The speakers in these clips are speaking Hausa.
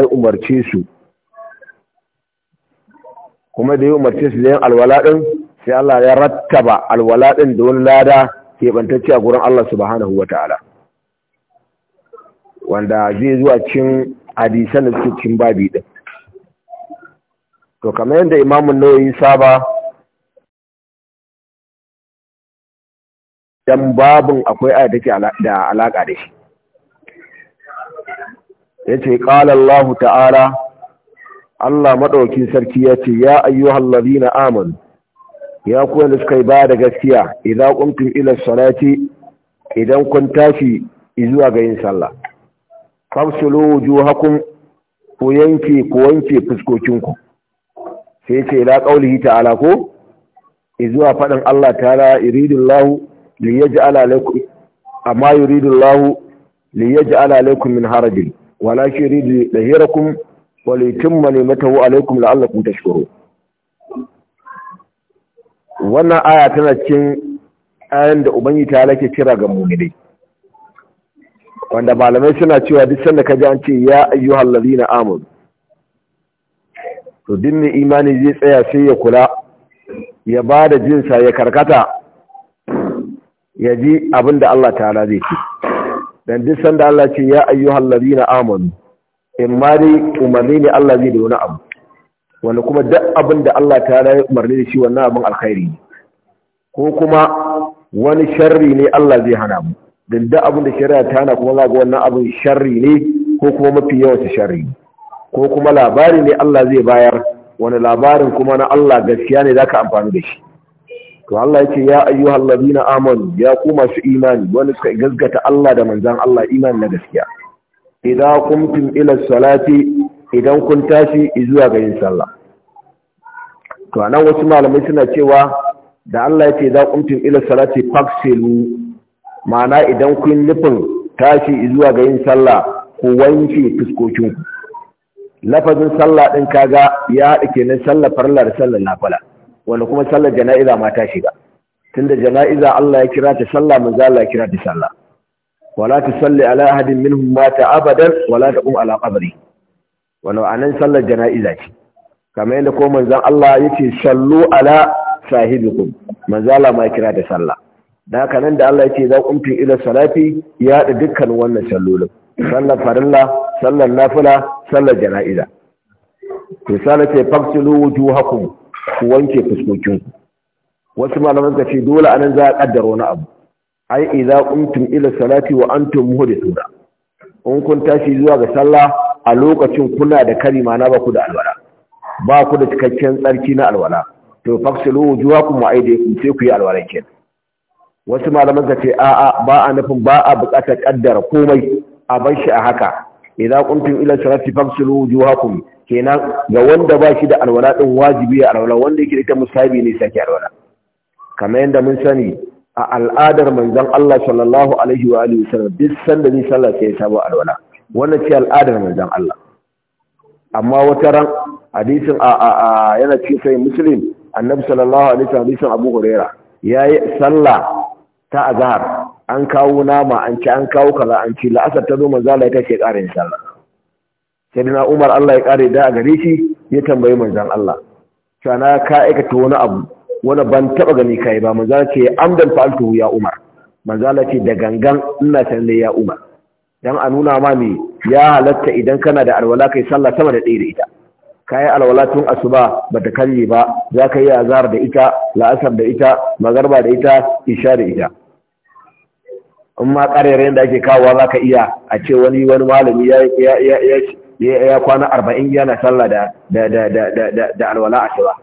ya umarce su kuma da ya umarce su da yin alwala din sai Allah ya rattaba alwala din da wani lada bantacce a gurin Allah subhanahu wa ta'ala wanda zai zuwa cin hadisan da suke cin babi din to kamar yadda imamun nauyi saba dan babin akwai aya da alaka da shi yace ce ƙalallahu ta'ala Allah maɗaukin sarki ya ce ya ayyuhal ladina amanu ya ku da suka yi ba da gaskiya idan kuntum ila salati idan kun tashi zuwa ga yin sallah fasulu wujuhakum ku yanke ku wanke fuskokinku sai yace ila qaulihi ta'ala ko zuwa faɗin Allah ta'ala yuridullahu liyaj'ala lakum amma yuridullahu liyaj'ala lakum min harajin walakin yuridu lahirakum wa litumma ni'matahu alaykum ta tashkurun wannan aya tana cikin ayan da ubangi ta lake kira ga mu'minai wanda malamai suna cewa duk sanda ka ji an ce ya ayyuhal ladina amanu to din ne imani zai tsaya sai ya kula ya ba da jinsa ya karkata ya ji abin da Allah ta'ala zai ce dan duk sanda Allah ce ya ayyuhal ladina amanu in ma dai umarni ne Allah zai da wani abu wanda kuma duk abin da Allah ta rayu umarni da shi wannan abin alkhairi ko kuma wani sharri ne Allah zai hana mu dan duk abin da shari'a ta hana kuma zaka wannan abin sharri ne ko kuma mafi yawan sharri ko kuma labari ne Allah zai bayar wani labarin kuma na Allah gaskiya ne zaka amfani da shi to Allah ya ce ya ayyuhal ladina amanu ya ku masu imani wani suka gaskata Allah da manzan Allah imani na gaskiya idan kuntum ila salati idan kun tashi zuwa ga yin sallah to anan wasu malamai suna cewa da Allah ya ce idan kuntum ila salati faksilu ma'ana idan kun nufin tashi zuwa ga yin sallah ku wanke fuskokinku lafazin sallah din kaga ya haɗa kenan sallah farla da sallah nafila wanda kuma sallar jana'iza ma ta shiga tunda jana'iza Allah ya kira ta sallah manzo Allah ya kira ta sallah wala tusalli ala ahadin minhum mata abadan wala taqum ala qabri wannan anan sallar jana'iza ce kamar yadda ko manzon Allah yace sallu ala sahibikum manzo Allah ma ya kira ta sallah da haka nan da Allah yace za kumfi ila salati ya da dukkan wannan sallolin sallar farilla sallar nafila sallar jana'iza to sallar ce faqtilu wujuhakum ku wanke fuskokinku wasu malaman ka ce dole anan za a kaddara wani abu ai idza kuntum ila salati wa antum muhdithuna in kun tashi zuwa ga sallah a lokacin kuna da karima na ba ku da alwala ba ku da cikakken tsarki na alwala to faksilu wujuhakum wa aydikum sai ku yi alwala kenan wasu malaman ka ce a'a ba a nufin ba a buƙatar kaddara komai a bar shi a haka idza qumtum ila salati faghsilu wujuhakum kenan ga wanda ba shi da alwala din wajibi ya alwala wanda yake da musabi ne sake alwala kamar yanda mun sani a al'adar manzon Allah sallallahu alaihi wa alihi wasallam duk sanda ni sallah sai ya sabo alwala wannan ce al'adar manzon Allah amma wata ran hadisin a a yana cikin sai muslim annabi sallallahu alaihi wa sallam hadisin abu huraira yayi sallah ta azhar an kawo nama an ci an kawo kaza an ci la'asar ta zo manzo Allah ya tashi ƙara yin sallah Umar Allah ya ƙara da a gare shi ya tambayi manzan Allah cewa na ka aikata wani abu wani ban taba gani kai ba manzo ce amdan fa'altu ya Umar manzo Allah ce da gangan ina sanin ya Umar dan a nuna ma me ya halatta idan kana da alwala kai sallah sama da ɗaya da ita yi alwala tun asuba ba bata kalle ba za ka yi azar da ita la'asar da ita magarba da ita isha da ita in ma ƙarerayen da ake kawowa za ka iya a ce wani wani malami ya kwana arba'in yana sallah da alwala a shiba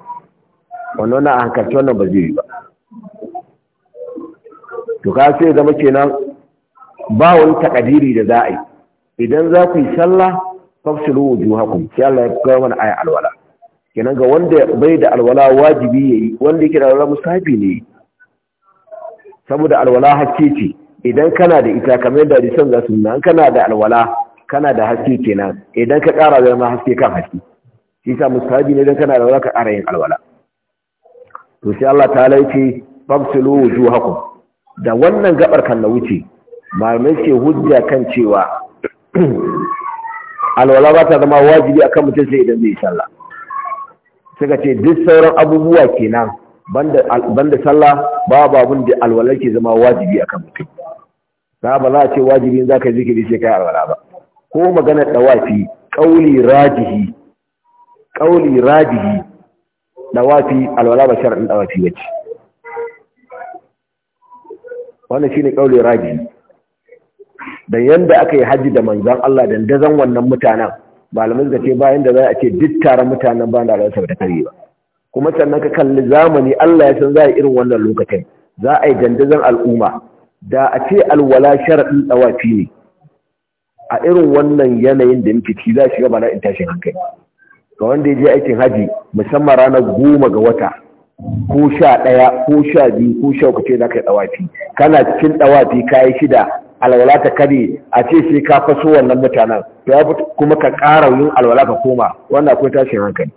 wannan na hankalci wannan ba zai yi ba to ka sai zama kenan ba wani takadiri da za a yi idan za ku yi sallah fafsilu haku sai Allah ya kawo mana aya alwala kenan ga wanda bai da alwala wajibi yayi wanda yake da alwala musafi ne saboda alwala hakke ce idan kana da ita kamar yadda hadisan za su nuna kana da alwala kana da haske kenan idan ka kara ƙara ma haske kan haske shi sa mustahabi ne idan kana da alwala ka kara yin alwala to sai Allah ta laice fabsulu wujuhakum da wannan gabar kan na wuce malamai ce hujja kan cewa alwala ba ta zama wajibi akan mutum sai idan zai sallah suka ce duk sauran abubuwa kenan banda banda sallah babu babun da alwala ke zama wajibi akan mutum na ba za a ce wajibi za ka yi zikiri sai ka yi alwala ba ko maganar ɗawafi ƙauli rajihi ƙauli rajihi ɗawafi alwala ba shara'in ɗawafi ba ce wannan ne ƙauli rajihi da yadda aka yi hajji da manzan Allah da dazan wannan mutanen alamun zace bayan da za a ce duk taron mutanen ba da alwala ta kare ba kuma sannan ka kalli zamani Allah ya san za a irin wannan lokacin za a yi dandazon al'umma da a ce alwala sharaɗin tsawafi ne a irin wannan yanayin da muke ci za shiga bana in tashin hankali ga wanda ya je aikin haji musamman ranar goma ga wata ko sha ɗaya ko sha biyu ko sha uku ce za ka yi tsawafi kana cikin tsawafi kayi shida alwala ta kare a ce sai ka faso wannan mutanen ya kuma ka ƙara yin alwala ka koma wannan akwai tashin hankali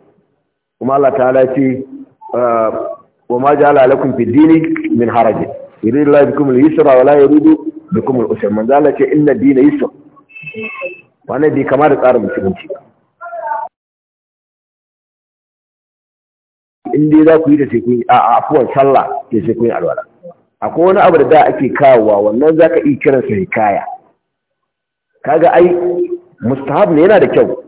kuma Allah ta ce ah, wa ma ja'ala lakum fid dini min harajin yuridu Allah bikum al-yusra wa la yuridu bikum al-usra manzo dina yusra wannan bai kama da tsarin musulunci ba in dai za ku yi da sai kun a sallah ke sai kun alwala akwai wani abu da da ake kawowa wannan za ka iya kiransa hikaya kaga ai mustahab ne yana da kyau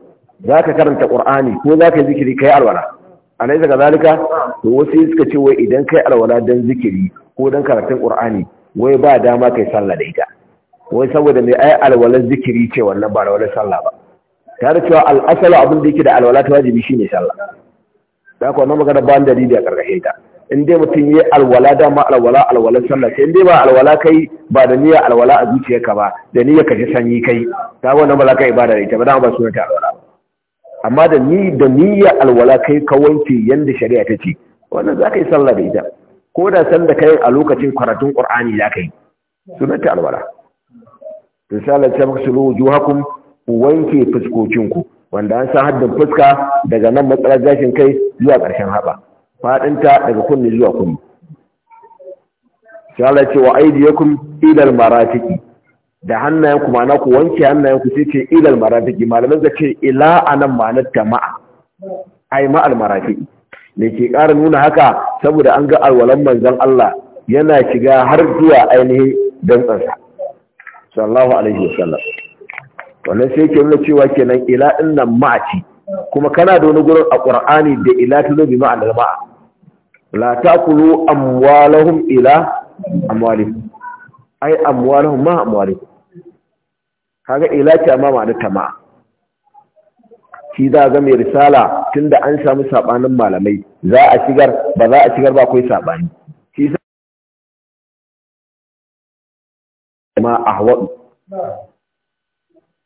za ka karanta ƙur'ani ko za ka yi zikiri ka yi alwala nai daga zalika to wasu suka ce wai idan kai alwala don zikiri ko don karatun ƙur'ani wai ba dama kai sallah da ita wai saboda mai ai alwalar zikiri ce wannan ba alwalar sallah ba ta da cewa al'asala abin da yake da alwala ta wajibi shine sallah da kuma magana ba da dalili a karkashin ta in dai mutum yi alwala dama alwala alwalar sallah sai in dai ba alwala kai ba da niyyar alwala a zuciyarka ba da niyyar ka ji sanyi kai ta wannan ba za ka ibada da ita ba dama ba sunan ta alwala ba amma da ni da niyya alwala kai ka wanke yanda shari'a ta ce wannan za ka yi sallah da ita ko da san da kai a lokacin karatun qur'ani za ka yi sunanta alwala risalar ta maksulu wujuhakum ku wanke fuskokinku wanda an san haddin fuska daga nan matsalar gashin kai zuwa ƙarshen haɓa faɗinta daga kunne zuwa kunni Allah ce wa aidiyakum ilal maratiki da hannayenku ma'ana ku wanke hannayenku sai ce ilal marafiki malamin zai ce ila anan ma'anar jama'a ai ma'al marafiki ne ke ƙara nuna haka saboda an ga alwalan manzon Allah yana shiga har zuwa ainihin dantsansa sallallahu alaihi wasallam wannan sai ke nuna cewa kenan ila dinnan ma'aci kuma kana da wani gurin a qur'ani da ila tuno bi ma'al ma'a la taqulu amwalahum ila amwalihim ai amwaluhum ma amwalukum kaga ilaki ma ma'ana tama shi za ga mai risala tunda an samu sabanin malamai za a shigar ba za a shigar ba akwai sabani shi ma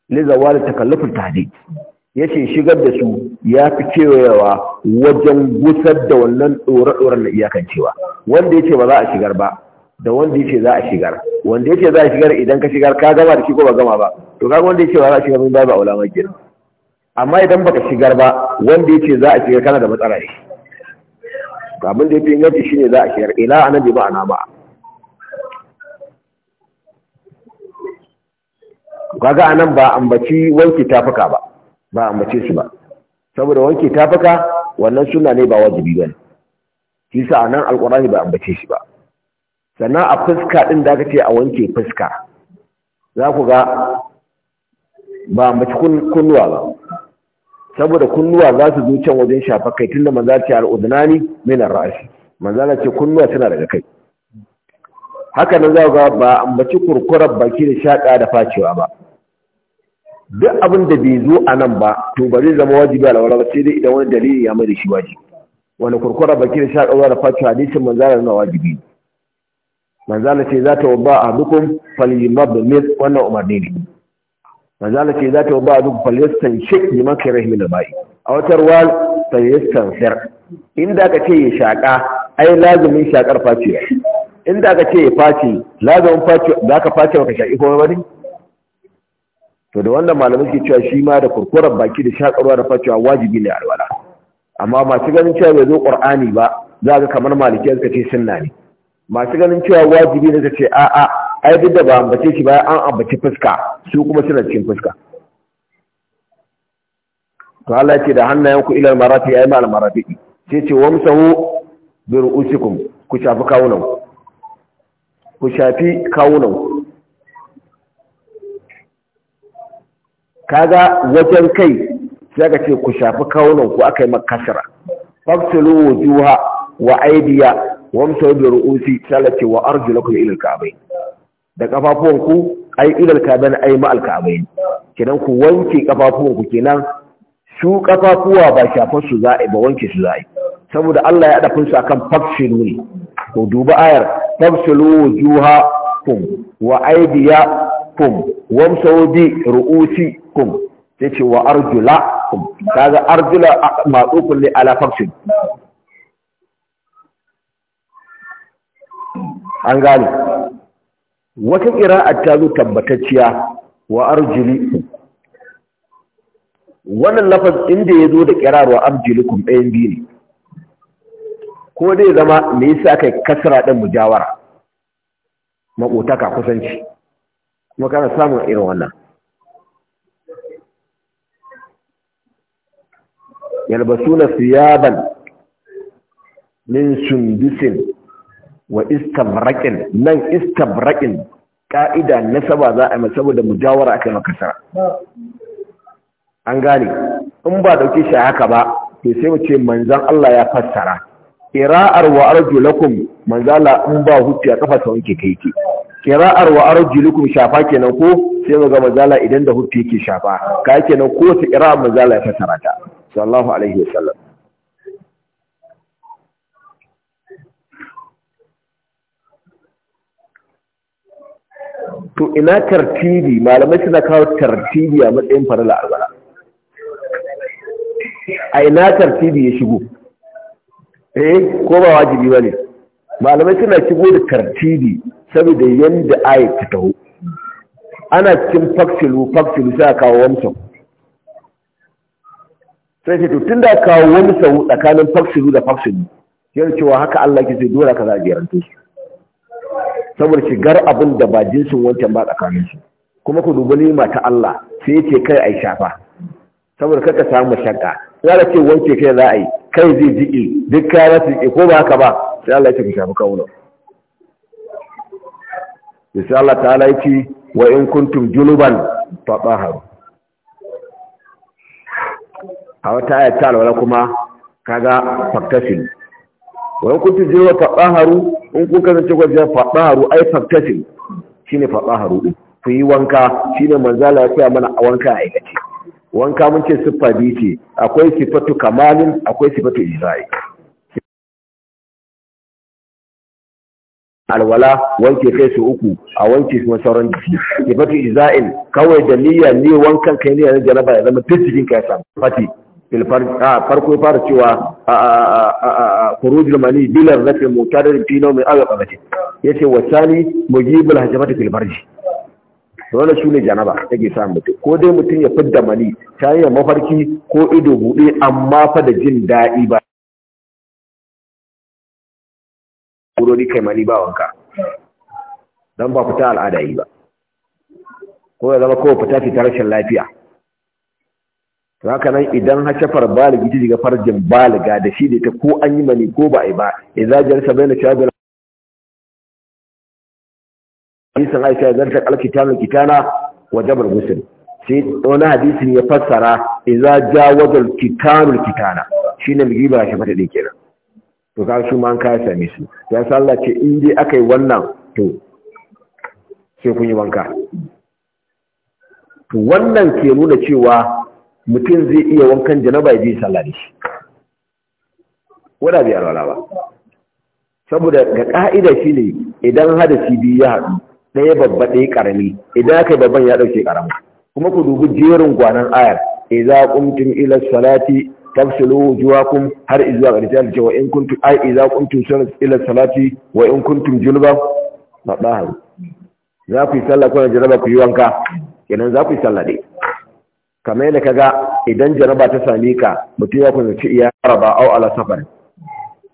li zawal takallufu tahdid yace shigar da su ya fi cewa wajen gusar da wannan ɗore-ɗoren na iyakancewa wanda yace ba za a shigar ba da wanda yake za a shigar wanda yake za a shigar idan ka shigar ka gama da shi ko ba gama ba to kaga wanda yake za a shigar min babu ulama maki amma idan baka shigar ba wanda yake za a shigar kana da matsala ne to abin da yafi inganci shine za a shigar ila anan ba ana ba kaga anan ba ambaci wanki tafuka ba ba ambace shi ba saboda wanki tafuka wannan sunna ne ba wajibi bane kisa anan alqur'ani ba ambace shi ba sannan a fuska ɗin da aka ce a wanke fuska za ku ga ba mace kunnuwa ba saboda kunnuwa za su zo can wajen shafa kai tun da manzo ce al'udnani min ar-ra'si manzo ce kunnuwa suna daga kai haka nan za ku ga ba ambaci kurkurar baki da shaƙa da facewa ba duk abin da bai zo a nan ba to ba zai zama wajibi a ba sai dai idan wani dalili ya mai da shi wajibi wani kurkurar baki da shaƙa da facewa hadisin manzo na wajibi ne manzala ce za ta wabba a dukkan da mis wannan umarni ne manzala ce za ta wabba a dukkan falistan shek neman kai rahimin da bayi a wata ruwa falistan sir inda aka ce ya shaƙa ai lazumin shaƙar facewa inda aka ce ya face lazumin face za ka face ka shaƙi kuma wani to da wanda malamai ke cewa shi ma da kurkurar baki da shaƙarwa da facewa wajibi ne alwala amma masu ganin cewa bai zo ƙur'ani ba za ka kamar malikiyar ka ce sunna ne masu ganin cewa wajibi ne ta ce a'a ai duk da ba ambace shi ba an ambaci fuska su kuma suna cikin fuska to Allah ce da hannayen ku ilal marati ai ma al marafi sai ce wamsahu bi ru'usikum ku shafi kawunan ku shafi kawunan kaga wajen kai sai ka ce ku shafi kawunan ku akai makasara faktilu wujuha wa aidiya wamta bi ru'usi salati wa arjulakum ila al-ka'bayn da kafafuwan ku ai ila al-ka'bayn ai ma al-ka'bayn kenan ku wanke kafafuwan ku kenan su kafafuwa ba shafar su za'i ba wanke su za'i saboda Allah ya dafin su akan fafshilu ne to duba ayar fafshilu wujuha kum wa aydiya kum wamsahu bi ru'usi kum sai ce wa arjula kum kaga arjula ma'tufun ne ala fafshilu an gane wata ƙira'ar ta zo tabbatacciya wa arjili wannan lafaz inda ya zo da ƙirar wa arjilikum ɗayan biyu ne ko dai zama me yasa kai kasara ɗin mujawara Maƙotaka, kusanci kuma kana samun irin wannan yalbasuna siyaban min sundusin wa istabraqin nan istabraqin ka'ida saba za a yi saboda mujawara akan kasara an gane in ba dauke shi haka ba to sai mu ce manzan Allah ya fassara qira'ar wa arjulakum manzala in ba ya kafa sa wanke kai ke kira'ar wa lakum shafa kenan ko sai ga Manzala idan da hutu yake shafa ka kenan ko ta kira'a Manzala ya fassara ta sallallahu alaihi wasallam to ina tartibi malamai suna kawo tartibi a matsayin farila albara a ina tartibi ya shigo eh ko ba wajibi ba ne malamai suna shigo da tartibi saboda yadda ayat ta taho ana cikin faksilu faksilu sai a kawo wamsau sai ce to tun da kawo wamsau tsakanin faksilu da faksilu yadda cewa haka Allah ke sai dole ka za a jeranto su saboda shigar abin da ba jinsin wancan ba tsakanin su kuma ku dubi nima ta Allah sai yace kai ai shafa saboda kaka samu shakka ya da ce wanke kai za a yi kai zai jiki duk kaya su jiki ko ba haka ba sai Allah ya ce ku shafi kawunan sai Allah ta'ala wa in kuntum junuban tahar a wata ayat ta alwala kuma kaga faktasil wani kuntu je wa faɗaharu in kun kasance kwa jiya faɗaharu ai faktasin shi ne faɗaharu ɗin ku yi wanka shi ne manzala ya mana a wanka a aikace wanka mun ce siffa biyu ce akwai sifatu kamalin akwai sifatu isra'i alwala wanke kai su uku a wanke su sauran jiki sifatu isra'in kawai da niyya ne wankan kai ne na jaraba ya zama duk jikin ka ya samu fati farko fara cewa kurujul mani bilar zafi mutadar fino mai aga ɓaɓace ya ce yi mujibul hajjabata filfarji wanda su ne janaba ke sa mutum ko dai mutum ya fidda mani ta yi mafarki ko ido buɗe amma fa da jin daɗi ba wurori kai mani ba wanka don ba fita al'ada yi ba ko ya zama kowa fita fitar rashin lafiya to haka nan idan hashafar baligi ji daga farjin baliga da shi da ta ko an yi mani ko ba a yi ba idza jalsa baina shabil hadisin Aisha zarta alkitanu kitana wajabar musul sai wani hadisin ya fassara idza jawazal kitanul kitana shine giba shi ta din kenan to ka shi ma an kaya same su ya sa Allah ce in dai yi wannan to sai kun yi wanka to wannan ke nuna cewa mutum zai iya wankan janaba ya je sallah da shi wanda bai alwala ba saboda ga ka'ida ne, idan hadasi biyu ya haɗu ɗaya babba ɗaya ƙarami idan aka yi babban ya ɗauke ƙarami kuma ku dubi jerin gwanan ayar idza qumtum ila salati tafsilu wujuhakum har izuwa ga ta cewa in kuntum ai idza qumtum ila salati wa in kuntum julba fadahu za ku yi sallah na jaraba ku yi wanka kenan za ku yi sallah dai kamar yadda kaga idan jaraba ta sami ka mutum ya kusanci iya raba au ala safar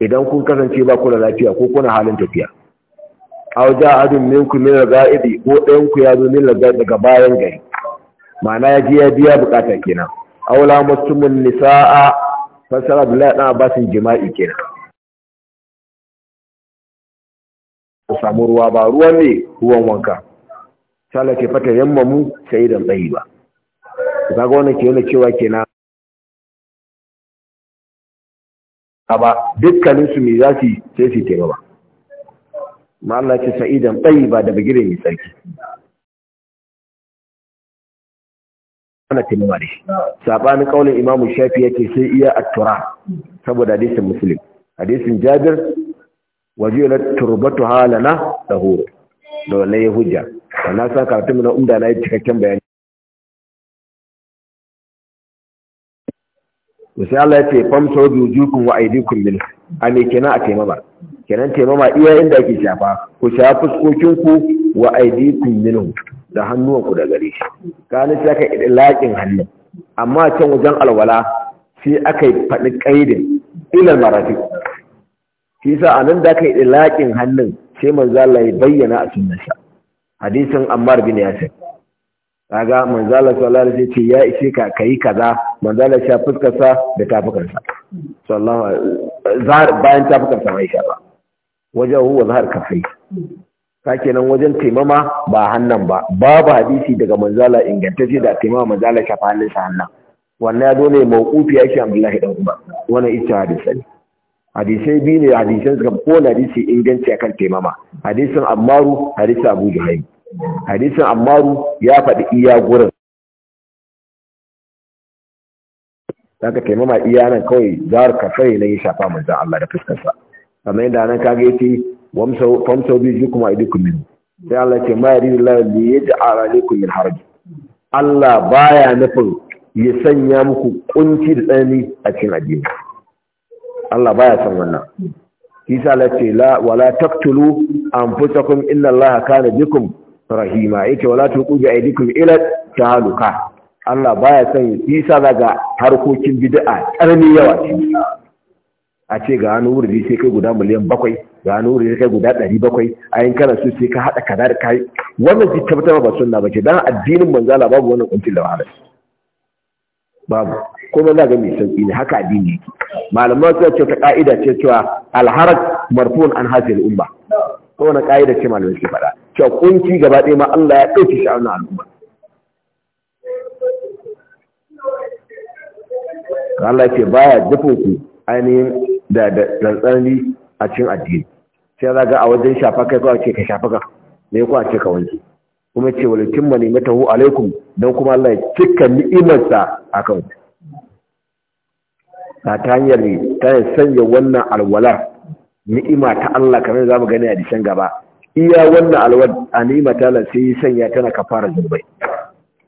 idan kun kasance ba ku da lafiya ko kuna halin tafiya au ja adun ku min gaidi ko ɗayan ku ya zo min al daga bayan gari ma'ana ya je ya biya bukata kenan au la mustumun nisaa fasara billahi ba abbasin jima'i kenan ku samu ruwa ba ruwan ne ruwan wanka sallake fata yammamu sai dan tsayi ba kaga wannan ke nuna cewa kenan aba dukkanin su me za su sai su taimaka ma Allah ce sa'idan tayyiba da bigire mai sarki ana taimaka da shi sabanin kaulin imamu shafi yake sai iya a saboda hadisin muslim hadisin jabir wajilat turbatuha lana dahur da wannan ya hujja wannan sa karatun na umda na yi cikakken bayani wasu Allah ya ce famsa wujukum wa aydikum mil a me kenan a taimama kenan taimama iya inda ake shafa ku shafa fuskokinku ku wa aydikum minhu da hannuwan ku da gare shi kana sai aka laƙin hannu amma can wajen alwala sai aka yi faɗi kaidin ilal marafi shi sa anan da aka yi laƙin hannun sai manzo Allah ya bayyana a sunnarsa hadisin Ammar bin Yasir kaga manzala sallallahu alaihi wasallam ya ishe ka kai kaza manzala sha fuskar sa da tafukan sa sallallahu zar bayan tafukan sa Aisha sha ba wajahu huwa zahar kafai kenan wajen taimama ba hannan ba babu hadisi daga manzala ingantacce da taimama manzala sha hannun sa hannan wannan ya zo ne mawqufi ya shi Abdullahi dan Umar wannan ita hadisi ne hadisai biyu ne hadisan suka kowane hadisi inganci akan taimama hadisin Ammaru hadisin Abu Juhaym hadisin ammaru ya faɗi iya gurin za ka taimama iya nan kawai zahar kafai na yi shafa manzan Allah da fuskarsa sannan yadda nan kage ya ce famsau biyu ji kuma idukun minu sai Allah ce ma yari lillahi da ya ji ara ne min haraji Allah baya nufin ya sanya muku kunci da tsanani a cikin addini Allah baya son wannan Isa la ce la wala taqtulu anfusakum inna Allaha kana bikum rahima yake wala tuqu bi aidikum ila Taluka. Allah baya son isa daga harkokin bid'a karmi yawa a ce ga hannu wurdi sai kai guda miliyan bakwai ga hannu wurdi sai kai guda ɗari bakwai a yin kana su sai ka haɗa kaza da kai wannan zai tabbatar ba sunna ba ce dan addinin Allah babu wannan kuncin da wahala babu kuma za ga mai sauki ne haka addini yake malaman suna ce ta ka'ida ce cewa alharak marfu'un an hasil umma ko wannan ka'ida ce malamai su faɗa Shakunci gaba ɗaya ma Allah ya ɗauki shi a wannan al'umma Allah ce baya dafin ku ainihin da rantsani a cikin addini sai za ga a wajen shafa kai kawai ce ka shafa ka ne kuwa ce ka wanke kuma ce ne mata hu alaikum don kuma Allah ya cika ni'imarsa a kan ku ta hanyar sanya wannan alwalar ni'ima ta Allah kamar za mu gani a dishen gaba iya wannan alwad Nima talar sai sanya tana ka fara zurbai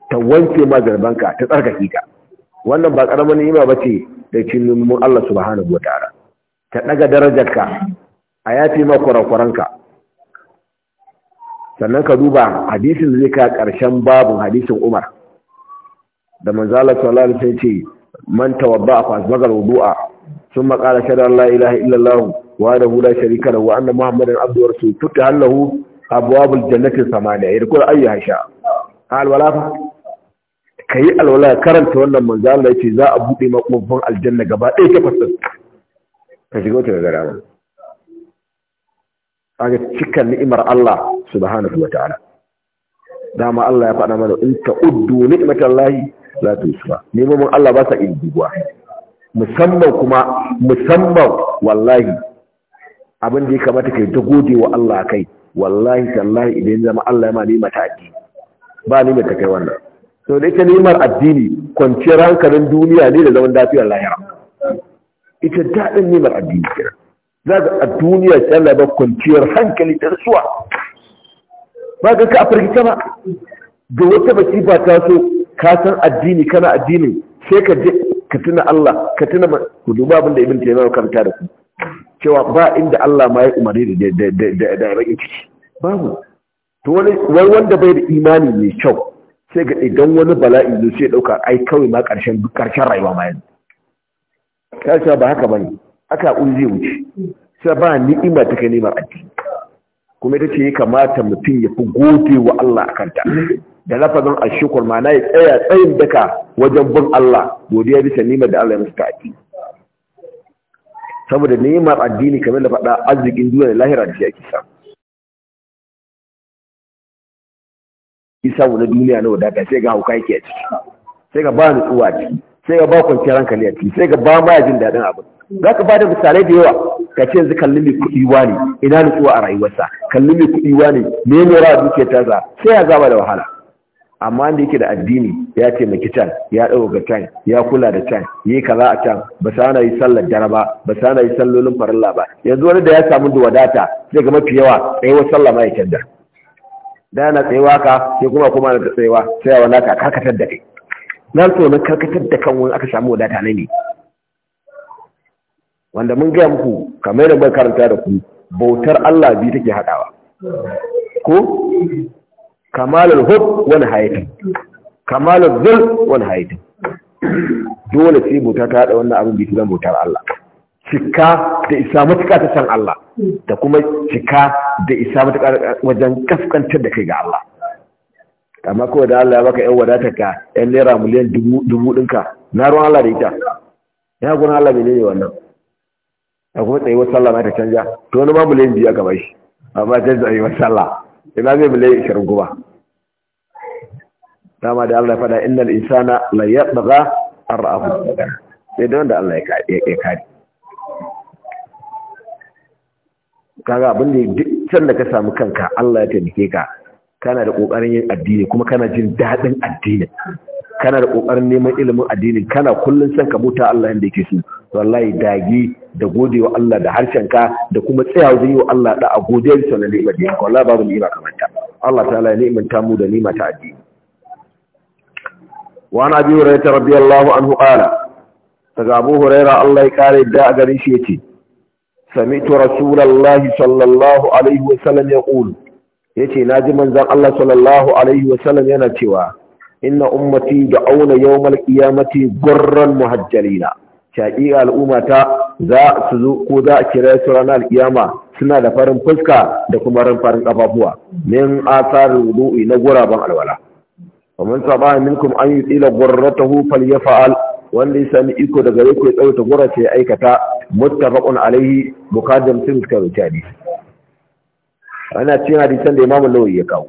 ta wanke ma zarbanka ta tsarkake ka wannan ba karamin ba bace da cinin Allah subhanahu wataala ta daga ka a ya ma kurakuranka sannan ka duba hadisin da zai ka karshen babun hadisin Umar da manzala Allah sallallahu alaihi wasallam ce man tawabba fa azmagal wudu'a sun qala shada la ilaha illa Wa da وأنه لا شريك له وأن محمدا عبده ورسوله فتح له أبواب الجنة الثمانية يقول أيها شاء قال ولا kai alwala karanta wannan manzo Allah yace za a bude makofin aljanna gaba ɗaya ta fasal ka shiga wata gara ba kaga cikan ni'imar Allah subhanahu wataala dama Allah ya faɗa mana in ta'uddu ni'matallahi la tuhsuha neman Allah ba sa ilmi musamman kuma musamman wallahi abin da ya kamata ka yi ta gode wa Allah kai wallahi tallahi idan zama Allah ya ma nima ta addini ba nima ta kai wannan sau da ita nimar addini kwanciyar hankalin duniya ne da zaman dafiyar lahira ita daɗin nimar addini kira za ka a duniya tsalla ba kwanciyar hankali ta rasuwa ba ka ka a ta ba ga wata ba ta so ka san addini kana addini sai ka je ka tuna Allah ka tuna ku duba abin da ibn taymiyyah karanta da ku cewa ba inda Allah ma ya umarni da bakin ciki babu to wani wanda bai da imani mai kyau sai ga idan wani bala'i ne sai dauka ai kawai ma karshen karshen rayuwa ma yanzu karshen ba haka bane aka un zai wuce sai ba ni'ima take neman addini kuma ita ce ya kamata mutum ya fi gode wa Allah a kanta da lafazin ashukur ma na ya tsaya tsayin daka wajen bin Allah godiya bisa nimar da Allah ya musu saboda neman addini kamar da faɗa arzikin duniya da lahira da shi ake samu isa na duniya na wadata sai ga hauka yake a ciki sai ga ba ni tsuwa a ciki sai ga ba kwanciyar hankali a ciki sai ga ba ma jin daɗin abin za ka ba da misalai da yawa ka ce yanzu kalli mai kuɗi ne ina nutsuwa a rayuwarsa kalli mai kuɗi ne me mora rawa dukiyar tasa sai ya zaba da wahala amma wanda yake da addini ya taimaki can ya ɗauka can ya kula da can yi kaza a can ba sa na yi sallar jaraba, ba sa na yi sallolin farilla ba yanzu wani da ya samu da wadata zai ga mafi yawa tsayuwar sallah ma ya canja da yana tsayuwa ka sai kuma kuma na tsayuwa sai yawa naka karkatar da kai na so na karkatar da kan wani aka samu wadata na ne wanda mun gaya muku kamar da muka karanta da ku bautar Allah biyu take haɗawa ko kamalul hub wani hayatu kamalul zul wani hayatu dole sai bauta ta haɗa wannan abin bitu zan bautar Allah cika da isa matuƙa ta san Allah da kuma cika da isa matuƙa wajen kaskantar da kai ga Allah amma kawai da Allah ya baka yan wadatar ka yan naira miliyan dubu ɗinka na ruwan Allah da ita ya gudun Allah mai ne wannan a kuma wasu Allah ma ta canja to wani ma miliyan biyu aka bai amma yi wasu Allah. ina zai bile ishirin kuma dama da Allah ya na layar da la a arahu sai da wanda Allah ya kare kaga abin da duk can da ka samu kanka Allah ya taimake ka kana da kokarin yin addini kuma kana jin daɗin addini kana da kokarin neman ilimin addinin kana kullun san ka buta Allah inda yake so wallahi dagi da godewa Allah da harshenka da kuma tsayawa zai wa Allah da a godiyar sa na ni'imar da yake wallahi babu ni'ima kamar ta Allah ta'ala ya ta mu da ni'ima ta addini wa an abi hurairah radiyallahu anhu qala daga abu hurairah Allah ya kare da a garin shi yace sami'tu rasulullahi sallallahu alaihi wa sallam yaqul yace naji manzon Allah sallallahu alaihi wa sallam yana cewa inna ummati da auna yawmal qiyamati gurran muhajjalina shaƙi al'ummata za su zo ko za a kira su ranar al'iyama suna da farin fuska da kuma ran farin kafafuwa min asar wudu'i na guraben alwala wa mun saba minkum an yutsila ya Fa'al, wanda ya sami iko daga yake ya tsauta gura sai aikata muttafaqun alaihi bukhari muslim suka rubuta hadisi ana cin hadisan da imamu nawawi ya kawo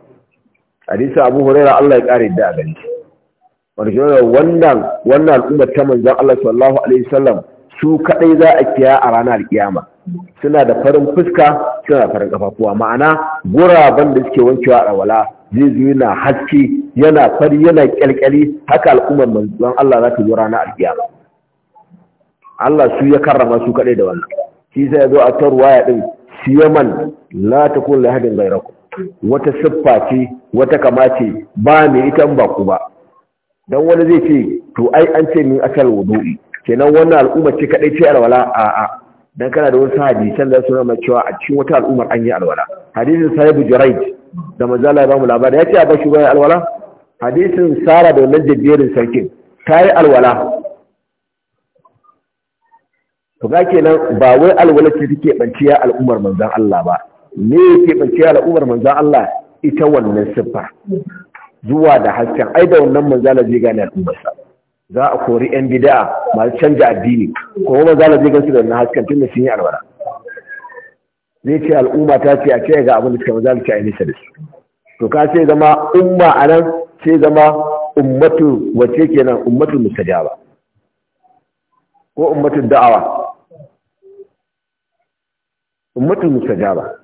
hadisi abu huraira Allah ya kare da gari kuma wannan wannan al'ummar ta manzon Allah sallallahu alaihi wasallam su kadai za a kiya a ranar kiyama suna da farin fuska suna da farin kafafuwa ma'ana guraben da suke wankewa a wala zai zo yana haske yana fari yana kyalkyali haka al'ummar manzon Allah za ta zo ranar alkiyama Allah su ya karrama su kadai da wannan shi sai ya zo a tarwaya din siyaman la takun lahadin gairakum wata siffa ce wata kamace ba mai ita ba ku ba dan wani zai ce to ai an ce min asal wudu'i kenan wannan al'umma ce kadai ce alwala a a dan kana da wasu hadisan da suna mai cewa a cikin wata al'ummar an yi alwala hadisin sahih jurayd da manzala ba mu labari ya ce a bashi bayan alwala hadisin sara da wannan jabirin sarkin ta yi alwala to ga kenan ba wai alwala ce take banciya al'ummar manzon Allah ba ke yake bace al'ummar manza Allah ita wannan siffa zuwa da hasken ai da wannan la zai gane al'ummarsa za a kori yan bid'a masu canja addini ko manzala zai gansu da wannan hasken tun da sun yi alwara zai ce al'umma ta ce a ce ga abin da suka manza ce a yi nisa da su to ka ce zama umma a nan sai zama ummatu wace kenan ummatu mustajaba ko ummatu da'awa ummatu mustajaba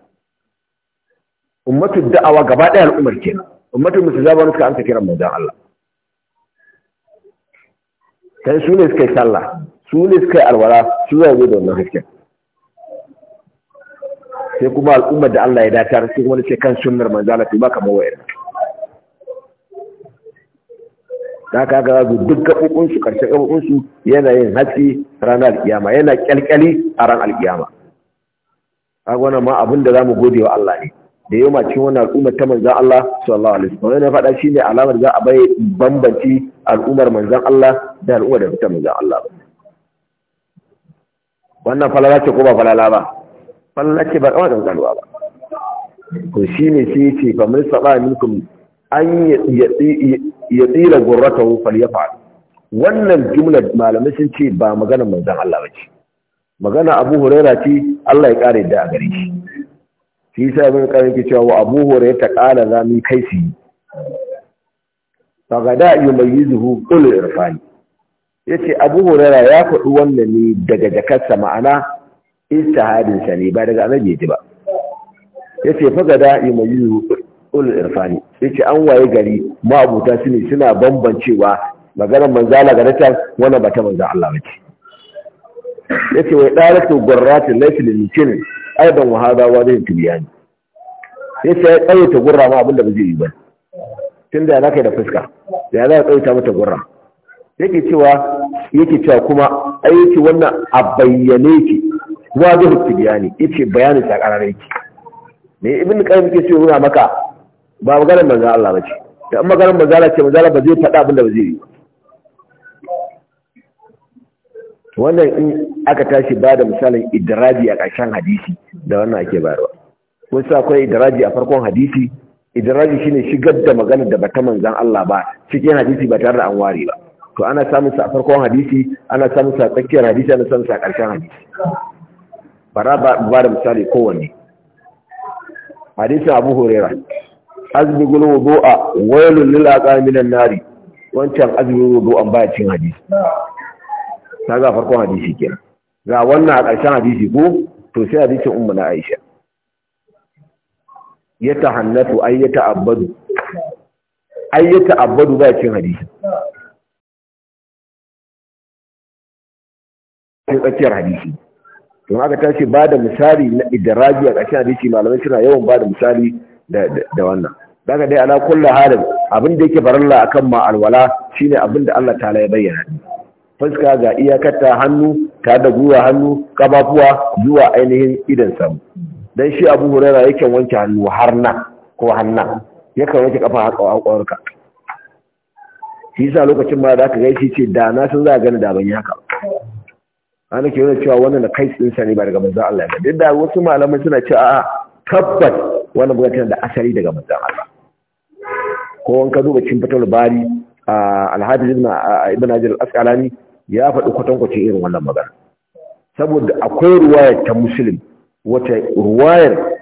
ummatu da'awa gaba ɗaya al'ummar kenan ummatu mustajaba suka amsa kiran manzon Allah sai su ne suka yi sallah su ne suka yi alwala su zai zo da wannan hakkin. sai kuma al'ummar da Allah ya datar sai kuma ce kan sunnar manzon Allah ba kamar wayar da aka ga zu duk gabobin su karshe gabobin su yana yin hatsi ranar kiyama yana kyalkyali a ran alkiyama kaga wannan ma abin da zamu gode wa Allah ne da yau cikin wannan al'ummar ta manzan Allah sallallahu alaihi wasallam wannan faɗa shine alamar za a bai bambanci al'ummar manzan Allah da al'ummar da ta manzan Allah ba wannan falala ce ko ba falala ba falala ce ba kawai kankanuwa ba shi shine sai ce fa mun saba minkum an ya tsira gurratahu falyafa'al wannan jumlar malamai sun ce ba magana manzan Allah ba ce magana Abu Huraira ce Allah ya kare da a gare shi shi sa ibn qayyim ki cewa wa abu hurairah qala za min kaisi fagada zuhu qul irfani yace abu hurairah ya faɗi wannan ne daga jakarsa ma'ana istihadin sa ne ba daga annabi ji ba yace fagada zuhu qul irfani yace an waye gari ma'abuta su ne suna bambancewa maganar manzala ga ratar wannan ba ta manzan Allah bace yace wai dalatu gurratin laifin lil aidan wahada wa zai tibiyani sai sai ya ta gurra ma abinda ba zai yi ba tun da za kai da fuska da za tsaye ta mata gurra yake cewa yake cewa kuma aiki wannan a bayyane ki wa zai tibiyani yake bayanin ta karare ki ne ibn qayyim yake cewa maka ba maganar manzo Allah bace da maganar manzo Allah ce manzo Allah ba zai faɗa abinda ba zai yi ba wannan in aka tashi ba da misalin idiraji a ƙarshen hadisi da wannan ake bayarwa kun sa akwai idiraji a farkon hadisi idiraji shine shigar da magana da bata manzan Allah ba cikin hadisi ba tare da an ware ba to ana samun sa a farkon hadisi ana samun sa a tsakiyar hadisi ana samun sa a ƙarshen hadisi bara ba da misali kowanne hadisi Abu Hurairah azbigul wudu'a wailul lil aqaminan nari wancan azbigul wudu'an ba cin hadisi ta ga farkon hadisi kenan ga wannan a ƙarshen hadisi ko to sai hadisin umma na Aisha ya ta hannatu ya abadu ayyata ya ba cin hadisi sai tsakiyar hadisi don aka ce ba da misali na idraji a ƙarshen hadisi malamai suna yawan ba da misali da wannan daga dai ala kullu halin abin da yake faralla akan ma alwala shine abin da Allah ta'ala ya bayyana fuska ga iyakarta hannu ta da gwiwa hannu kafafuwa zuwa ainihin idan samu dan shi abu hurara yake wanke hannu har nan ko hannan yakan wanke kafa har ka. shi yasa lokacin ma da aka gaishe ce da na san za a gani da ban yi haka ana ke cewa wannan da kai tsinsa ne ba daga manzan Allah ya duk da wasu malamai suna cewa a tabbat wannan bukatar da asali daga manzan Allah ko an ka duba cin fitar bari alhaji ibn ibn al-asqalani ya faɗi kwatankwacin irin wannan magana saboda akwai ruwayar ta musulun wata ruwayar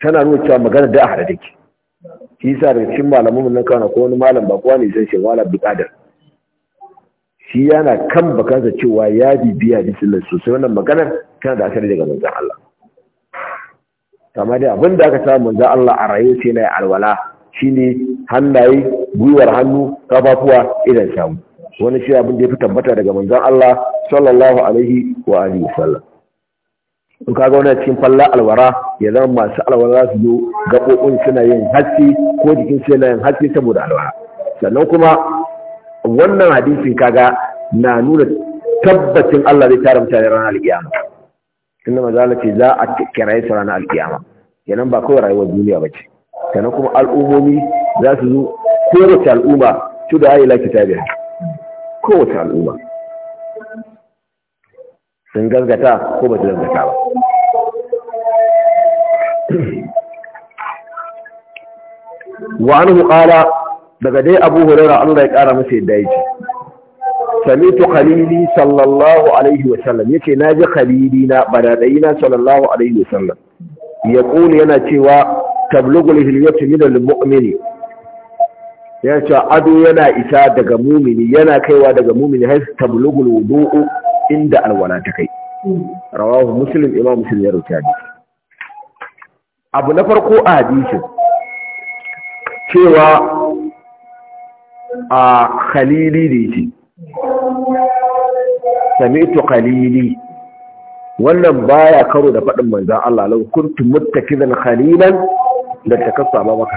tana nuna cewa magana da a take shi sa da cikin malamin nan kawana ko wani malam ba kowa ne zai ce wala buƙadar shi yana kan bakansa cewa ya bibiya hadisin sosai wannan maganar tana da asali daga manzan Allah kama dai abin da aka samu manzan Allah a rayu sai na alwala shine hannaye gwiwar hannu kafafuwa idan samu wani shi abin da ya fi tabbata daga manzan Allah sallallahu alaihi wa alihi sallam in kaga wani cikin falla alwara ya zama masu alwara za su zo gaɓoɓin suna yin hatsi ko jikin suna yin hatsi saboda alwara sannan kuma wannan hadisin kaga na nuna tabbacin Allah zai tara mutane ranar alkiyama inda mazala ce za a kiraye su ranar alƙiyama kenan ba kawai rayuwar duniya ba ce sannan kuma al'ummomi za su zo kowace al'umma da ayi ta biya. kowace al'umma sun gazgata ko ba su gazgata ba wa an daga dai abu hulura allah ya kara masa yadda ya ce samitu khalili sallallahu alaihi wasallam yake na ji khalili na badadai na sallallahu alaihi wasallam ya kuli yana cewa tablugul hilyatu min da mumini ya ce ado yana isa daga mumini yana kaiwa daga mumini har tablugul wudu inda alwala ta kai rawahu muslim imam muslim ya rawaita hadisi abu na farko a hadisi cewa a khalili da yake sami'tu khalili wannan baya karo da faɗin manzo Allah lau kuntum muttakidan khalilan da takassa ba maka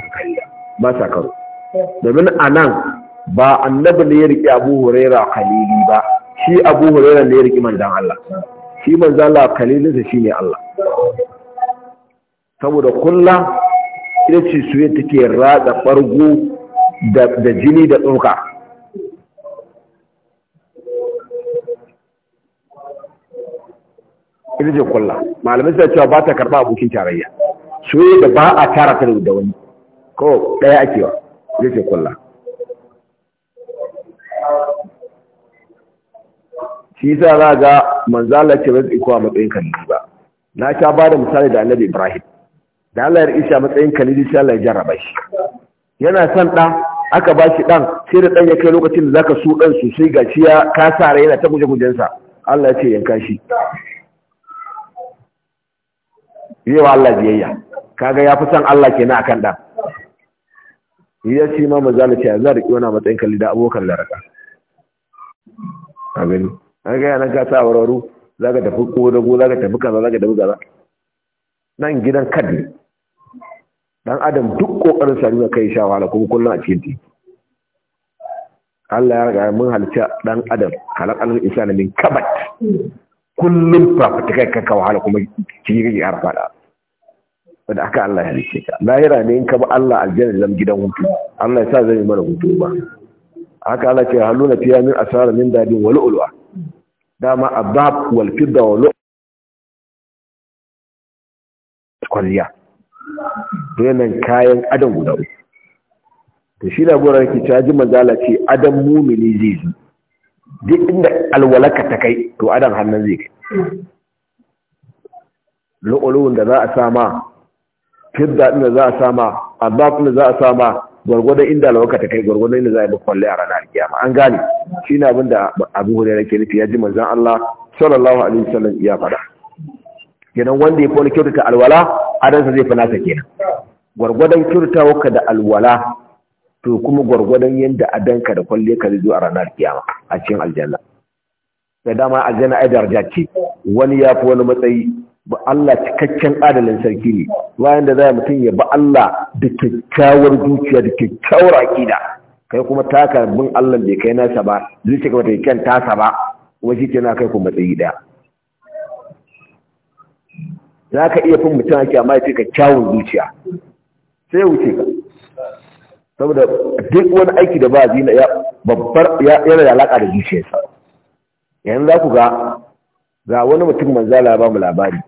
ba sa karo domin a nan ba annabi ne ya riƙe abu huraira kalili ba shi abu huraira ne ya riƙe manzan Allah shi manzan Allah kalilinsa shi ne Allah saboda kulla ita ce yi take rada ɓargo da jini da tsoka ita ce kulla malamai suna cewa ba ta karɓa abokin tarayya yi da ba a tara ta da wani kawai ɗaya wa yake kulla shi sa za ga manzala ce bai iko a matsayin kalili ba na sha ba da misali da annabi ibrahim da Allah ya isa matsayin kalili shi Allah ya jarraba shi yana son ɗan aka ba shi ɗan sai da ɗan ya kai lokacin da za ka su ɗan sosai ga shi ya kasara yana ta guje-gujensa Allah ya ce yanka shi yi wa Allah biyayya kaga ya fi son Allah kenan akan ɗan ya ce ma mazala ce za da riƙe wani matsayin kalli da abokan laraka a gani an gaya nan ka a wararu za ka tafi kodago za ka tafi kaza za ka tafi gaza nan gidan kadi dan adam duk kokarin sami na kai sha wahala kuma kullum a cikin ti Allah ya riga mun halitta dan adam isa na min kabat kullum fa kai ka wahala kuma cikin yake har fada da aka Allah ya rike ka lahira ne in ka bi Allah aljanna zam gidan hutu Allah ya sa zai mana hutu ba haka Allah ce haluna fiya min asara min dadin wal ulwa dama abab wal fidda wal kwalliya nan kayan adam guda uku to shi da gora yake ta ji manzala ce adam mumini zai zo duk inda alwalaka ta kai to adam hannun zai kai lo'olowin da za a sama fidda ɗin da za a sama amma da za a sama gwargwadon inda alwaka ta kai gwargwadon inda za a yi kwalle a ranar kiyama an gane shi na abin da abu hulera ke nufi ya ji manzan Allah sallallahu alaihi wasallam ya faɗa kenan wanda ya fi kyautata alwala adansa zai fi nasa kenan gwargwadon kyautatawa da alwala to kuma gwargwadon yadda adanka da kwalle ka zai zo a ranar kiyama a cikin aljanna da dama aljanna ai daraja ce wani ya fi wani matsayi ba Allah cikakken adalin sarki ne bayan da za mutum ya ba Allah da kyakkyawar zuciya da kyakkyawar aƙida kai kuma taka bin Allah bai kai nasa ba zuciya kuma ta kyan tasa ba kuma shi na kai kuma matsayi daya za ka iya fin mutum ake amma ya fi kyakkyawar zuciya sai wuce ka saboda duk wani aiki da ba zina ya babbar yana da alaƙa da zuciyarsa yanzu za ku ga ga wani mutum manzala ba mu labari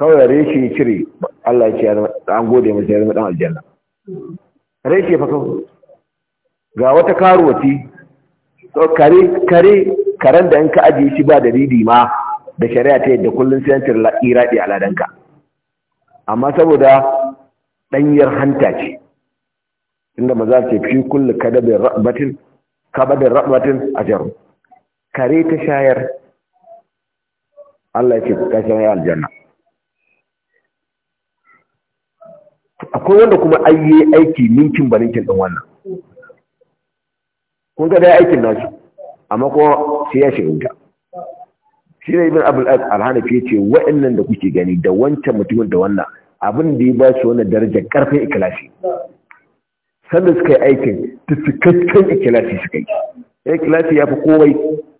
kawai reshe ya cire Allah ya ce ya zama an gode masa ya zama dan aljanna reshe fa kawai ga wata karuwaci kare kare karen da in ka ajiye shi ba da ridi ma da shari'a ta yadda kullun sai yancin iradi a ladanka amma saboda danyar hanta ce inda maza ce fi kullu kadabin rabatin kabadin rabatin ajaru kare ta shayar Allah ya ce ka shayar aljanna akwai wanda kuma an yi aiki ninkin ba ninkin wannan kun ga dai aikin nasu amma kuma sai ya shi ringa shi ne ibn abul al-hanafi ce, wa'annan da kuke gani da wancan mutumin da wannan abin da ya ba su wannan darajar karfin ikilasi sanda suka yi aikin ta cikakken ikilasi suka yi ikilasi ya fi komai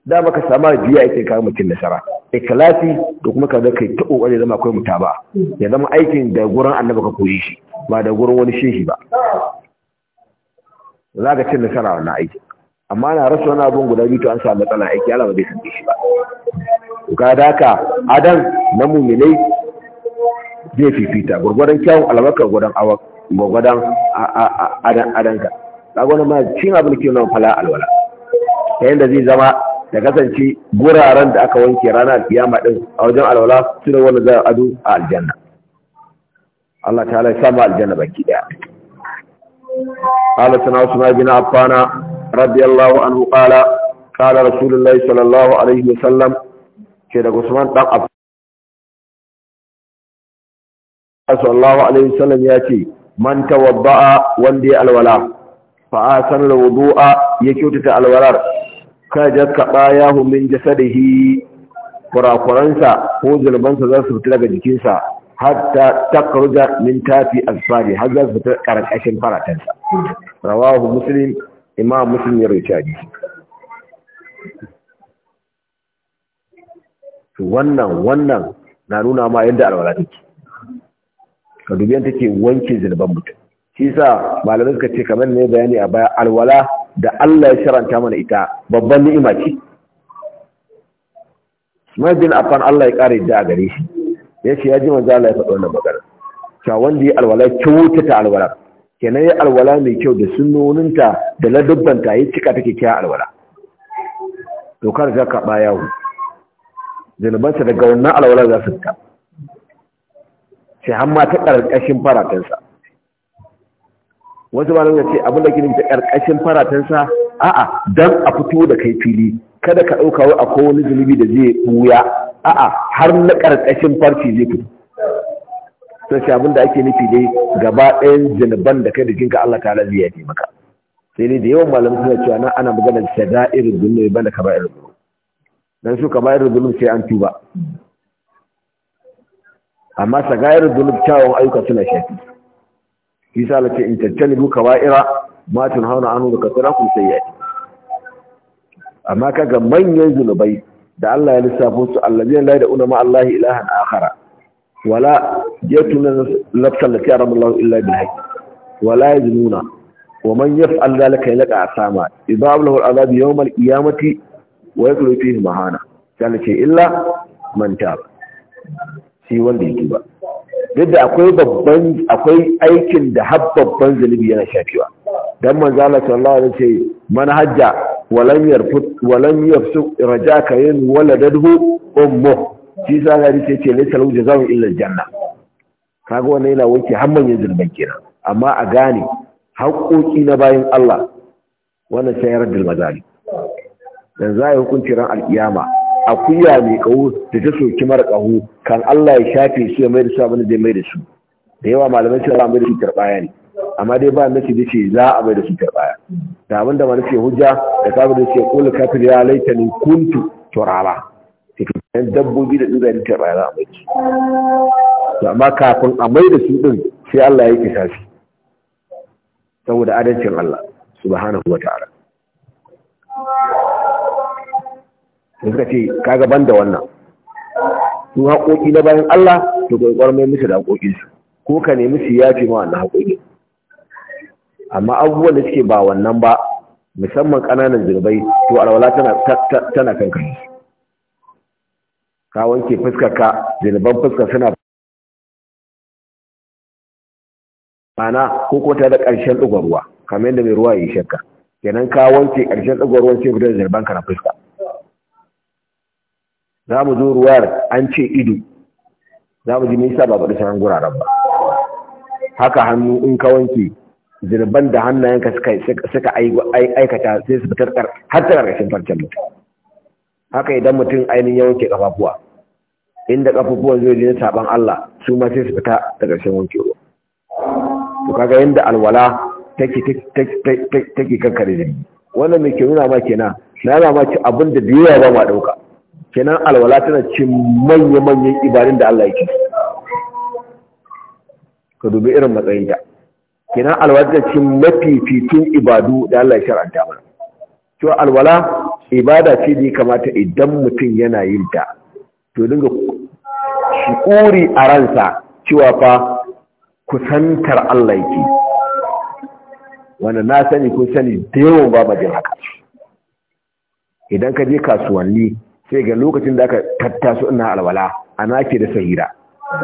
da baka sama biya aikin kawo mutum nasara ikilasi da kuma kaga kai ta kokari zama akwai mutaba ya zama aikin da gurin annaba ka koyi shi ba da gurin wani shehi ba za ka cin nasara wannan aiki amma na rasu wani abin guda biyu to an samu matsala aiki ala ba zai sande shi ba ka da haka adan na muminai zai fifita gwargwadon kyawun albarkar gwargwadon awa gwargwadon adan adanka ka gwada ma cin abin ke nan fala alwala ta yadda zai zama da kasance guraren da aka wanke ranar kiyama din a wajen alwala su da wani zai ado a aljanna Allah ta halaye sama aljanna baki daya. Ala sana wasu mai gina afana, radiyallahu an hukala, kala Rasulullah sallallahu Alaihi wasallam, ke daga Usman ɗan afana. Sallallahu Alaihi wasallam ya ce, Man ta wanda ya alwala, fa'asan da wudu'a ya kyautata alwalar, ka jaska ɓaya min jasadihi, kurakuransa ko zulubansa za su fita daga jikinsa. hatta takruja min tafi alfari har za su fita karkashin faratansa rawahu muslim imam muslim ya rawaita hadisi wannan wannan na nuna ma yadda alwala take ka dubi yadda take wanke zulban mutum shi sa malamin suka ce kamar ne bayani a baya alwala da Allah ya sharanta mana ita babban ni'ima ce Usman bin Affan Allah ya kare da a gare shi ya ce ya ji manzo Allah ya faɗa wannan magana cewa wanda ya alwala kyautata alwala kenan ya alwala mai kyau da sunnoninta da ladubbanta ya cika take kiya alwala to kar ka kaba yawo zanubansa daga wannan alwala za su fita sai har ma ta karkashin faratansa wasu ba ce abin da ke nufi ta karkashin faratansa a'a dan a fito da kai fili kada ka ɗauka wai akwai wani zunubi da zai wuya a'a har na ƙarƙashin farci zai fito sai shi abin da ake nufi dai gaba ɗayan zunuban da kai da jinka Allah ta'ala zai yafe maka sai dai da yawan malamai suna cewa nan ana maganar irin zunubi ba da irin zunubi dan su irin zunubi sai an tuba amma sagayar zunubi kyawun ayyuka suna shafi Isa la ce in tattalibu kaba'ira ma hauna anu da kasara kun sayyati amma kaga manyan zunubai da Allah ya lissafo su allazina la yad'una ma Allah ilahan akhara wala yatuna nafsa allati harama Allah illa bil haqq wala yaznuna wa man yaf'al dhalika yalqa asama idab lahu al'adab yawm al-qiyamati wa yaklu fihi mahana sai ce illa man taba shi wanda yake ba yadda akwai babban akwai aikin da har babban zunubi yana shafewa dan manzo Allah sallallahu alaihi wasallam man hajja walam yarfut walam yafsu rajaka yin waladahu ummu shi sa gari ce ce laysa lahu jazaa'u illa aljanna kaga wannan yana wanke har manyan zulmai kenan amma a gane haƙoƙi na bayan Allah wannan sai ya raddul mazali dan zai hukunci ran alkiyama akuya mai kawo da ta soki mara kaho kan Allah ya shafe su ya mai da su abin da ya mai da su da yawa malamai cewa mai da su karbaya ne amma dai ba nake da ce za a mai da su karbaya da abin da malamai hujja da kafin da ce kullu kafin ya laita ni kuntu turaba sai dabbobi da tsuntsaye karbaya za a mai da su To amma kafin a mai da su din sai Allah ya yi shi saboda adalcin Allah subhanahu wa ta'ala da suka ce kaga ban da wannan su haƙoƙi na bayan Allah to gwagwar mai musu da haƙoƙinsu ko ka nemi su yafe ma wannan haƙoƙi amma abubuwan da suke ba wannan ba musamman ƙananan zirbai to alwala tana kankan ka wanke fuskarka zirban fuskar suna mana ko ko ta da ƙarshen ɗigon ruwa kamar yadda mai ruwa ya yi shakka kenan ka wanke ƙarshen ɗigon ruwan sai fitar da zirban ka na fuska za mu zo ruwar an ce ido za mu ji nisa ba baɗi sanar guraren ba haka hannu in ka wanke zirban da hannayenka suka aikata sai su fitar har ta ƙarƙashin farcen mutum haka idan mutum ainihin ya wanke ƙafafuwa inda ƙafafuwan zai je na Allah su ma sai su fita da ƙarshen wanke ruwa to kaga yadda alwala take kankare jini wannan mai ke nuna ma kenan na nuna ma abin da da yawa ba ma ɗauka kenan alwala tana ce manya-manyan ibadun da Allah yake ka dubi irin matsayinta kenan alwala tana ce mafifitun ibadu da Allah ya shar'anta mana cewa alwala ibada ce da ya kamata idan mutum yana yin ta to dinga shukuri a ransa cewa fa kusantar Allah yake wanda na sani kun sani da yawan ba majalaka haka idan ka je kasuwanni sai ga lokacin da aka tattaso ina alwala ana ke da sahira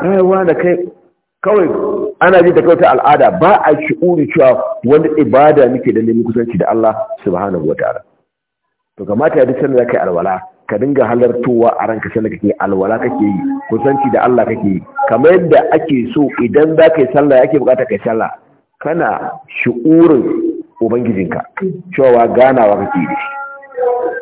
rayuwa da kai kawai ana ji da kauta al'ada ba a uri cewa wani ibada muke da neman kusanci da Allah subhanahu wataala to kamata ya duk da kai alwala ka dinga halartowa a ranka sanda kake alwala kake yi kusanci da Allah kake yi kamar yadda ake so idan za ka yi sallah yake bukata ka yi sallah kana shi'urin ubangijinka cewa ganawa kake yi da shi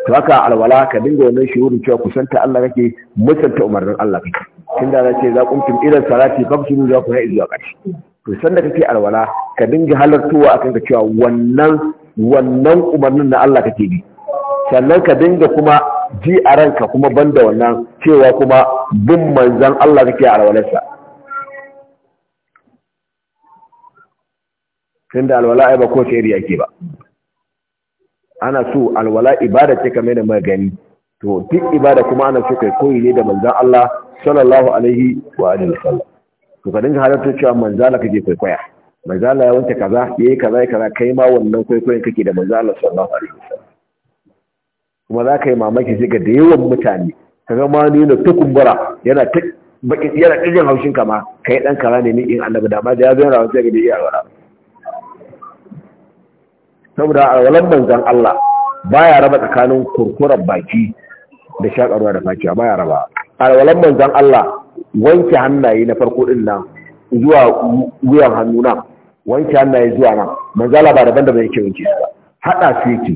to haka alwala ka dinga wannan shuhurin cewa kusanta Allah kake musanta umarnin Allah kake Tun da ce za kumtum ila salati ku zuwa ku yi zuwa ƙarshe to sanda kake alwala ka dinga halartuwa akan ka cewa wannan wannan umarnin na Allah kake bi sannan ka dinga kuma ji a ranka kuma banda wannan cewa kuma bin manzan Allah kake alwalarsa tunda alwala ai ba ko sai ke ba ana so alwala ibada ce kamar da magani to duk ibada kuma ana so kai koyi ne da manzon Allah sallallahu alaihi wa alihi wasallam to ka dinga halarta cewa manzon Allah kake kwaikwaya manzon Allah ya wanke kaza yayi kaza yayi kaza kai ma wannan kwaikwayon kake da manzon Allah sallallahu alaihi wasallam kuma za ka yi mamaki sai da yawan mutane kaga ma ni na ta kumbura yana ta bakin yana ɗin haushin kama kai dan kara ne ni in annabi da ma da ya zo yana wasu ya ga da iya wara saboda alwalan manzan Allah baya raba tsakanin kurkurar baki da shakarwa da fakiya baya raba alwalan manzan Allah wanke hannaye na farko din nan zuwa wuyan hannu nan wanke hannaye zuwa nan manzala ba daban da bai yake wanke su ba hada su yake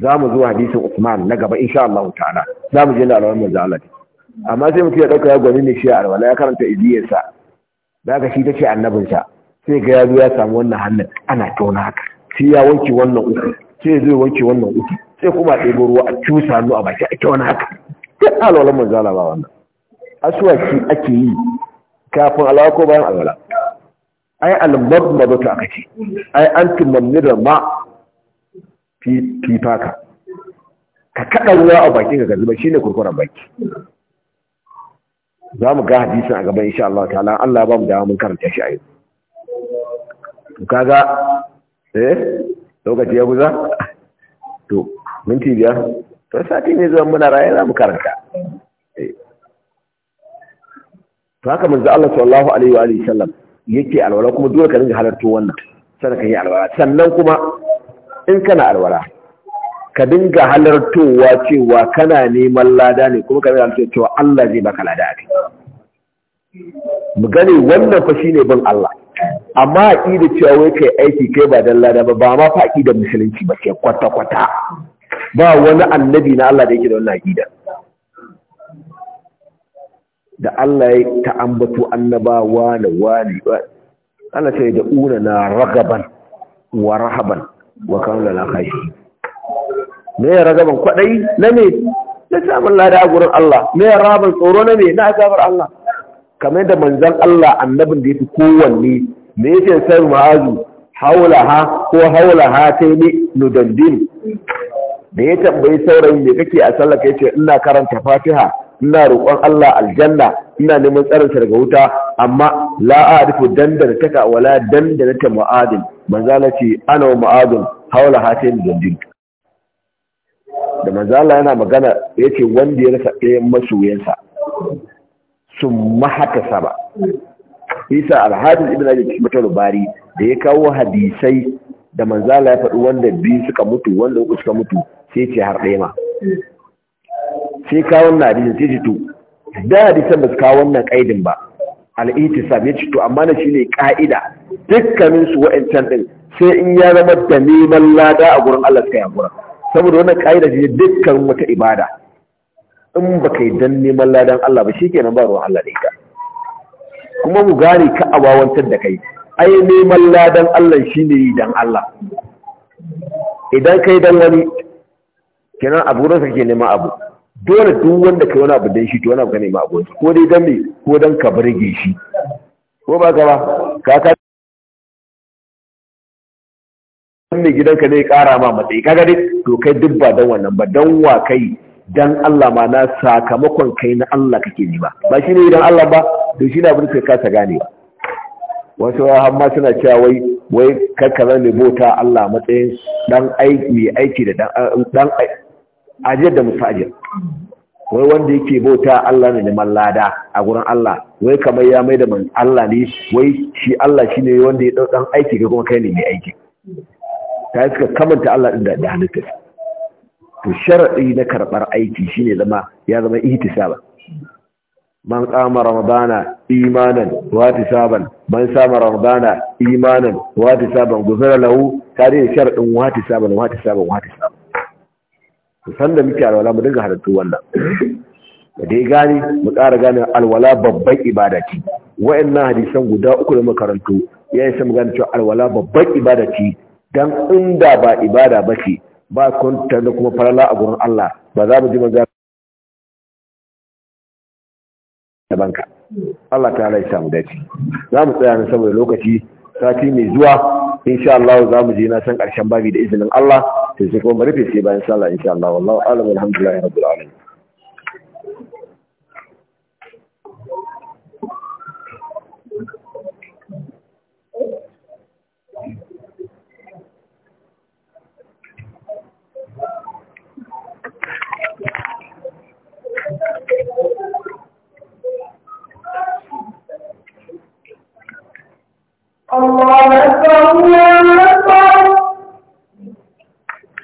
za mu zuwa hadisin Usman na gaba insha Allah ta'ala za mu je da alwalan manzan Allah amma sai mutum ya dauka ya gwani ne shi a alwala ya karanta idiyarsa da ka shi tace annabinsa sai ga yazo ya samu wannan hannun ana tona haka sai ya wanke wannan uku sai zai wanke wannan uku sai kuma ɗebo ruwa a cusa hannu a baki a wani haka duk alwalan manzala ba wannan asuwaki ake yi kafin alawa ko bayan alwala ai almadmadatu aka ce ai an da ma fifaka ka kaɗa ruwa a bakin ka zuba shine kurkuren baki za mu ga hadisin a gaban insha Allah ta'ala Allah ya ba mu da mun karanta shi a yau kaga eh lokaci ya guza to minti biyar to sati ne zuwa muna raye za mu karanta eh. to haka manzo Allah sallallahu alaihi wa alihi sallam yake alwala kuma dole ka dinga halarto wannan sannan ka yi alwala sannan kuma in kana alwala ka dinga halartowa cewa kana neman lada ne kuma ka dinga cewa Allah zai baka lada ne mu gane wannan fa shine bin Allah amma aƙida cewa wai kai aiki kai ba dan lada ba ba ma fa da musulunci ba ke kwata kwata ba wani annabi na Allah da yake da wannan aƙida da Allah ya ta'ambato annabawa na wani Allah sai da una na ragaban wa rahaban wa kawla la khashi me ya ragaban kwadai na me na samun lada a gurin Allah me ya rahaban tsoro na me na azabar Allah kamar da manzon Allah annabin da yake kowanne me yake sai ma'azu ha, ko ha ta yi nudaddin da ya tambayi saurayin me kake a sallah kai ce ina karanta fatiha ina roƙon Allah aljanna ina neman tsarin daga wuta amma la a'rifu dandana taka wala dandana ta mu'adin manzala ce ana wa mu'adin haula hatin nudaddin da manzala yana magana yace wanda ya rasa ɗayan masoyansa sun mahata saba isa alhadis ibn Abi cikin ta bari da ya kawo hadisai da manzala ya faɗi wanda biyu suka mutu wanda uku suka mutu sai ce har ɗaya ma sai kawo wannan hadisin sai ce to da hadisan ba su kawo wannan ka'idin ba al-ittisab ya ce to amma na shi ne ƙa'ida dukkaninsu wa'ancan ɗin sai in ya zama da neman lada a gurin Allah suka yakura saboda wannan ka'ida ce dukkan wata ibada in baka yi dan neman ladan Allah ba shikenan ba ruwan Allah ne kuma mu gane ka a wawantar da kai ai neman ladan Allah shi ne dan Allah idan kai dan wani kenan abu da kake nema abu dole duk wanda kai wani abu dan shi to wani abu ka nema abu ko dai dan me ko dan ka burge shi ko ba ka ba ka ka me gidanka ne ya kara ma matsayi kaga dai to kai duk ba dan wannan ba dan wa kai dan Allah ma na sakamakon kai na Allah kake ji ba shi ne dan Allah ba to shi na ka kasa gane ba wasu hamma suna cewa wai wai kakkara ne bota Allah matsayin dan aiki mai aiki da dan dan ajiyar da musajir wai wanda yake bauta Allah ne neman lada a gurin Allah wai kamar ya mai da man Allah ne wai shi Allah ne wanda ya dau dan aiki ga kuma kai ne mai aiki ta suka kamanta Allah din da halitta to sharaɗi na karɓar aiki shine zama ya zama ihtisaba man qama ramadana imanan wa tisaban man sama ramadana imanan wa tisaban guzara lahu tare sharadin wa tisaban wa tisaban wa tisaban to sanda muke alwala mu dinga halattu wannan da dai gani mu ƙara gane alwala babban ibada ce wayannan hadisan guda uku da makarantu ya yi mu gane cewa alwala babban ibada ce dan inda ba ibada ba ce ba kuntar da kuma farala a gurin Allah ba za mu ji manzo da banka Allah ta ya samu dace za mu tsaya ne saboda lokaci sati mai zuwa insha Allah za mu je na san karshen babi da izinin Allah sai kuma bari rufe sai bayan sallah insha Allah wallahu alamu alhamdulillah rabbil alamin الله أكبر الله أكبر